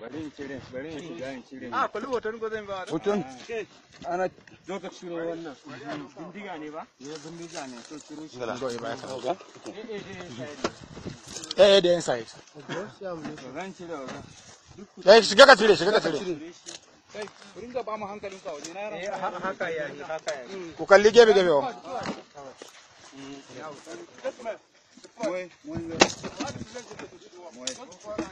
bari in cire bari a eh, ya mm, ku kalli gebe gebe wa mm,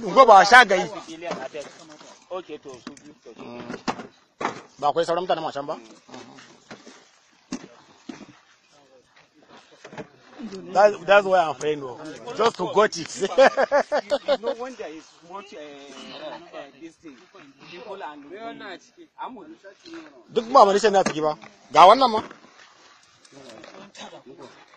Gobe ba sha gai. Mm. Ba akwai sauran mutane macen ba? Mm. That, that's why I'm afraid of. Just to got it. no wonder it's much uh, uh, this thing. People and to you. Duk ba mani sai na fiki ba. Ga wannan ma.